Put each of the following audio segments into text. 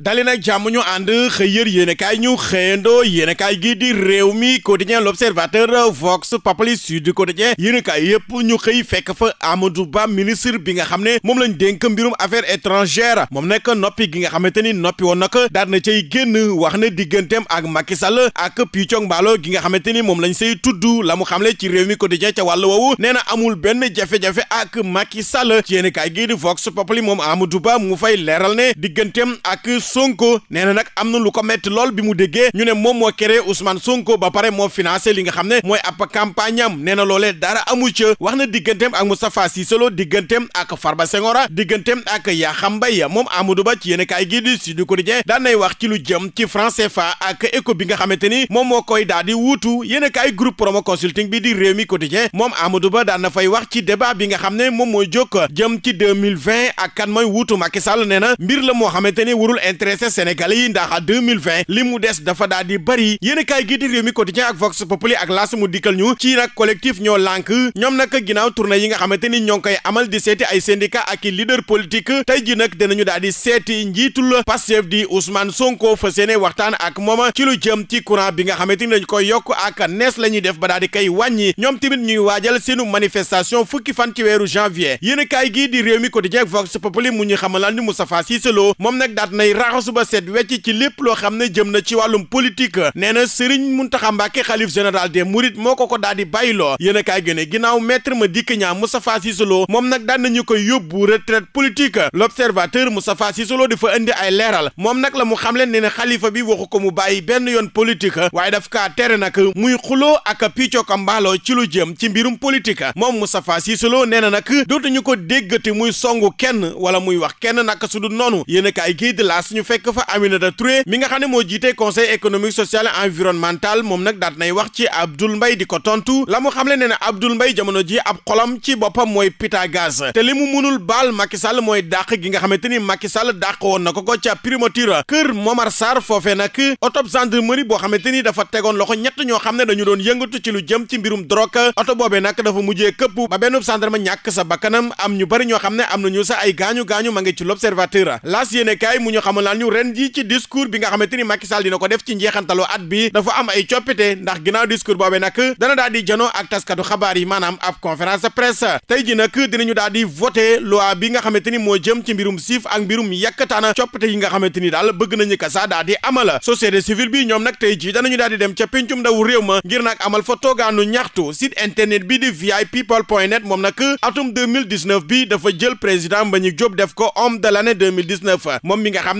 dali nag jàmm ñu ànd xëy yër yéen kaay ñu xëyandoo yéen kaay gii di réew mi quotidien l'observateur Vox di Sud Quotidien yéen kaay yëpp ñu xëy fekk fa Amadou Ba ministre bi nga xam ne moom lañ dénk mbirum affaires étrangères moom nag noppi gi nga xamante ni noppi woon nag daan na cay génn wax ne digganteem ak Macky Sall ak Picong Mballo gi nga xamante ni moom lañ say tudd la mu xamle ci réew mi quotidien ca wàll woowu nee na amul benn jafe-jafe ak Macky Sall ci gii di Vox Populi moom Amadou Ba mu fay leeral ne digganteem ak. Sonko nee na nag am na lu ko metti lool bi mu déggee ñu ne moom moo créé Ousmane Sonko ba pare moo financé li nga xam ne mooy ab campagne am nee na loolee dara amu ca wax na digganteem ak Moustapha Cissé Lo digganteem ak far Farba Senghor digganteem ak yaa xam Yakham Mbaye moom Amadou Ba ci yéen kaay gii di Sud Quotidien daan nay wax ci lu jëm ci franc CFA ak éco bi nga xamante ni moom moo koy daal di wuutu yéen kaay groupe promo consulting bi di Rewmi Quotidien moom Amadou Ba daan na fay wax ci débat bi nga xam ne moom mooy jóg jëm ci 2020 ak kan mooy wuutu Macky Sall nee na mbir la moo xamante ni warul intéressé sénégalais yi ndax li mu des dafa daal di bëri yéen a kaay gii di réew mi quotidien ak vox populi ak laas mu dikkal ñu ci nag ñoo lànk ñoom nag ginnaaw tournée yi nga xamante ni ñoo ngi amal di seeti ay syndicat ak i leader politique tey ji nag dinañu daal di seeti njiitul Pastef di Ousmane Sonko fas waxtaan ak moom ci lu jëm ci courant bi nga xamante ni dañu koy yokk ak nees la def ba daal di koy ñoom tamit ñuy waajal seenu manifestation a kaay gii di réew mi quotidien ak vox raxasu ba set wecc ci lépp loo xam ne jëm na ci wàllum politique nee na Serigne Mountakha Mbacké xalif général des Mourides moo ko ko daal di bàyyiloo yéen a ginaaw gi ne ginnaaw maître Madické Niang Moustapha Cissé Lo moom nag daan nañu koy yóbbu retraite politique l'observateur Moustapha Cissé Lo dafa indi ay leeral moom nag la mu xam leen ne ne xalifa bi waxu ko mu bàyyi benn yoon politique waaye daf kaa tere nag muy xuloo ak piccoo ko mbaaloo ci lu jëm ci mbirum politique moom Moustapha Cissé Lo nee na nag dootuñu ko déggati muy songu kenn wala muy wax kenn nag su noonu yéen ñu fekk fa Aminata Touré mi nga xam ne moo jiite conseil économique social et environnemental moom nag daat nay wax ci Abdoul Mbaye di ko tontu la mu ne na Abdoul Mbaye jamono ji ab xolam ci boppam mooy pita gaz te li mu munul baal Macky sal mooy dàq gi nga xamante ni Macky Sall dàq woon na ko ko ca primature kër Momar Sarr foofee nag otob gendarmerie boo xamante ni dafa tegoon loxo ñett ñoo xam ne dañu doon yëngatu ci lu jëm ci mbirum drogue oto boobee nag dafa mujjee këpp ba benn gendarme ñàkk sa bakkanam am ñu bari ñoo xam ne am nañu sa ay gaañu gaañu ma ngi ci l'observateur naan ñu ren ji ci discours bi nga xamante ni Macky Sall dina ko def ci njeexantalu at bi dafa am ay coppite ndax ginnaaw discours boobee nag dana daal janoo ak taskatu xabaar yi maanaam ab conférence de tey ji nag dinañu daal di voté loi bi nga xamante ni moo jëm ci mbirum siif ak mbirum yàkkataana coppite yi nga xamante ni daal bëgg nañu ko sax daal di amal société civile bi ñoom nag tey ji danañu daal di dem ca pencum ndaw réew ma ngir nag amal fa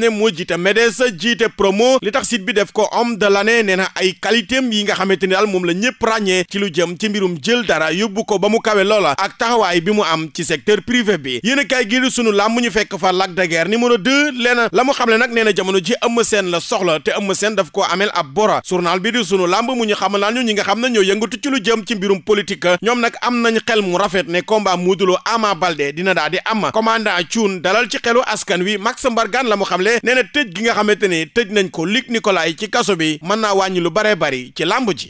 ne moo jiite MEDES jiite promo li tax site bi def ko homme de l'année nee na ay qualité am yi nga xamante ni daal moom la ñëpp ràññee ci lu jëm ci mbirum jël dara yóbbu ko ba mu kawe loola ak taxawaay bi mu am ci secteur privé bi yéen a kaay sunu làmb ñu fekk fa Lac de Guiers numéro 2 leena la mu xam ne nag nee na jamono ji Eumeu Sène la soxla te Eumeu Sène daf koo amel ab bora journal bi di sunu làmb mu ñu xamal naa ñu ñi nga xam ne ñoo yëngatu ci jëm ci mbirum politique ñoom nag am nañ xel mu rafet ne combat Modou Lo Ama Baldé dina daal di am commandant Thioune dalal ci xelu askan wi Max Mbargane la mu xamle nee na tëj gi nga xamante ni tëj nañ ko Luc Nicolaï ci kaso bi mën naa wàññi lu baree bari ci làmb ji